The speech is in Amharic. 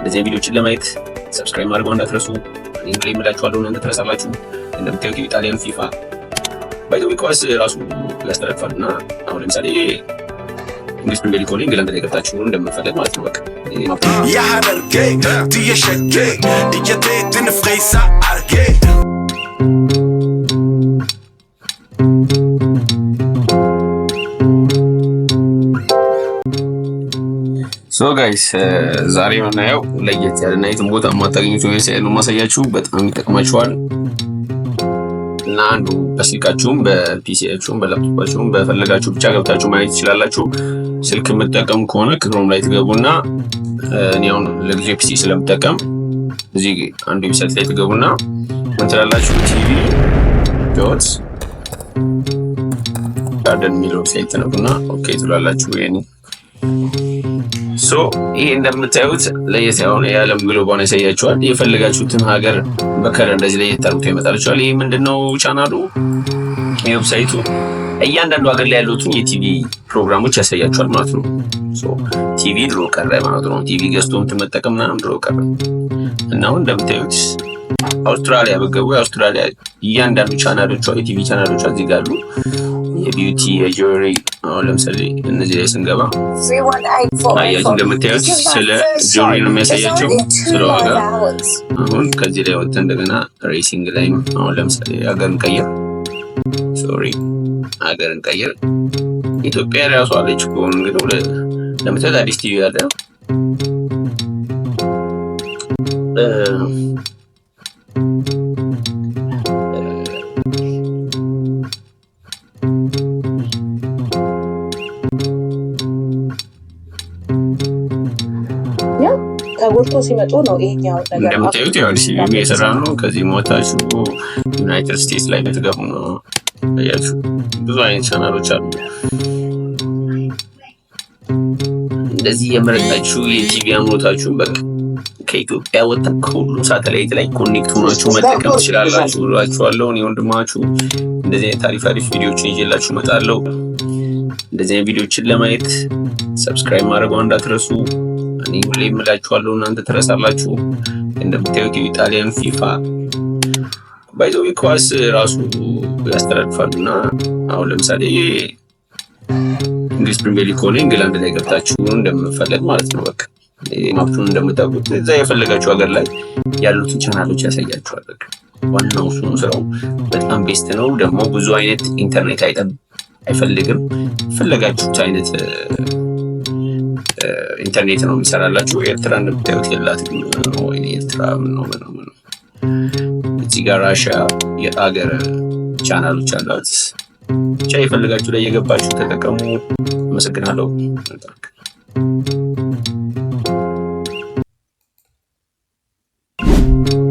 እነዚህ ቪዲዮችን ለማየት ሰብስክራይብ ማድረግ እንዳትረሱ። እኔም ላይ ምላችኋለሁ እንደተረሳላችሁ። እንደምታዩት የኢጣሊያን ፊፋ ባይዘዊ ኳስ ራሱ ያስተላልፋል እና አሁን ለምሳሌ እንግሊዝ ፕሪሚየር ሊግ ኢንግላንድ ላይ ገብታችሁ እንደምንፈልግ ማለት ነው በቃ يا حنرجيك تي شكيك دي جتيت نفريسا ارجيك ሶ ጋይስ uh, ዛሬ የምናየው ለየት ያለና የትም ቦታ የማታገኙት ዌብሳይት ነው ማሳያችሁ። በጣም ይጠቅማችኋል እና አንዱ በስልካችሁም በፒሲያችሁም በላፕቶፓችሁም በፈለጋችሁ ብቻ ገብታችሁ ማየት ትችላላችሁ። ስልክ የምጠቀም ከሆነ ክሮም ላይ ትገቡና uh, እኔ አሁን ለጊዜ ፒሲ ስለምጠቀም እዚህ አንዱ ዌብሳይት ላይ ትገቡና ምን ትላላችሁ ቲቪ ዶት ጋርደን የሚለው ዌብሳይት ትነኩና ኦኬ ትላላችሁ ይሄን ሶ ይሄ እንደምታዩት ለየት ያሁን የዓለም ግሎባን ያሳያችኋል። የፈለጋችሁትን ሀገር በከለር እንደዚህ ለየት አርጎ ይመጣላችኋል። ይህ ምንድነው ቻናሉ ዌብሳይቱ እያንዳንዱ ሀገር ላይ ያሉትን የቲቪ ፕሮግራሞች ያሳያቸዋል ማለት ነው። ቲቪ ድሮ ቀረ ማለት ነው። ቲቪ ገዝቶ የምትመጠቀም ምናምን ድሮ ቀረ እና አሁን እንደምታዩት አውስትራሊያ በገቡ የአውስትራሊያ እያንዳንዱ ቻናሎቿ የቲቪ ቻናሎቿ እዚህ ጋር አሉ። የቢዩቲ የጆሪ አሁን ለምሳሌ እነዚህ ላይ ስንገባ አያችሁ እንደምታዩት ስለ ጆሪ ነው የሚያሳያቸው ስለ ዋጋ። አሁን ከዚህ ላይ ወጥተን እንደገና ሬሲንግ ላይ አሁን ለምሳሌ ሀገር እንቀይር፣ ሶሪ ሀገር እንቀይር። ኢትዮጵያ ራሱ አለች ከሆኑ እንግዲህ ለምሳሌ አዲስ ቲቪ አለ ተጎድቶ ሲመጡ ነው ይሄኛው ነገር እንደምታዩት የሰራ ነው። ከዚህ ሞታችሁ ዩናይትድ ስቴትስ ላይ ልትገቡ ነው ያችሁ። ብዙ አይነት ቻናሎች አሉ። እንደዚህ የመረጣችሁ የቲቪ አምሮታችሁን በቃ ከኢትዮጵያ ወጣ ከሁሉም ሳተላይት ላይ ኮኔክት ሆናችሁ መጠቀም ትችላላችሁ እላችኋለሁ። እኔ ወንድማችሁ እንደዚህ አይነት አሪፍ አሪፍ ቪዲዮችን ይዤላችሁ እመጣለሁ። እንደዚህ አይነት ቪዲዮችን ለማየት ሰብስክራይብ ማድረጓ እንዳትረሱ። እኔ ሁሌ እምላችኋለሁ እናንተ ትረሳላችሁ። እንደምታዩት የኢጣሊያን ፊፋ ባይዘዊ ኳስ ራሱ ያስተላልፋሉ እና አሁን ለምሳሌ እንግሊዝ ፕሪሚየር ሊግ ከሆነ እንግላንድ ላይ ገብታችሁ እንደምፈለግ ማለት ነው። በቃ ማፕቱን እንደምታውቁት እዛ የፈለጋችሁ ሀገር ላይ ያሉትን ቻናሎች ያሳያችኋል። በቃ ዋናው እሱ ስራው በጣም ቤስት ነው። ደግሞ ብዙ አይነት ኢንተርኔት አይጠብ አይፈልግም። ፈለጋችሁት አይነት ኢንተርኔት ነው የሚሰራላቸው። ኤርትራ እንደምታዩት የላት ወይ ኤርትራ ነው እዚህ ጋር ራሻ የአገር ቻናሎች አላት። ብቻ የፈለጋችሁ ላይ የገባችሁ ተጠቀሙ። አመሰግናለሁ። Thank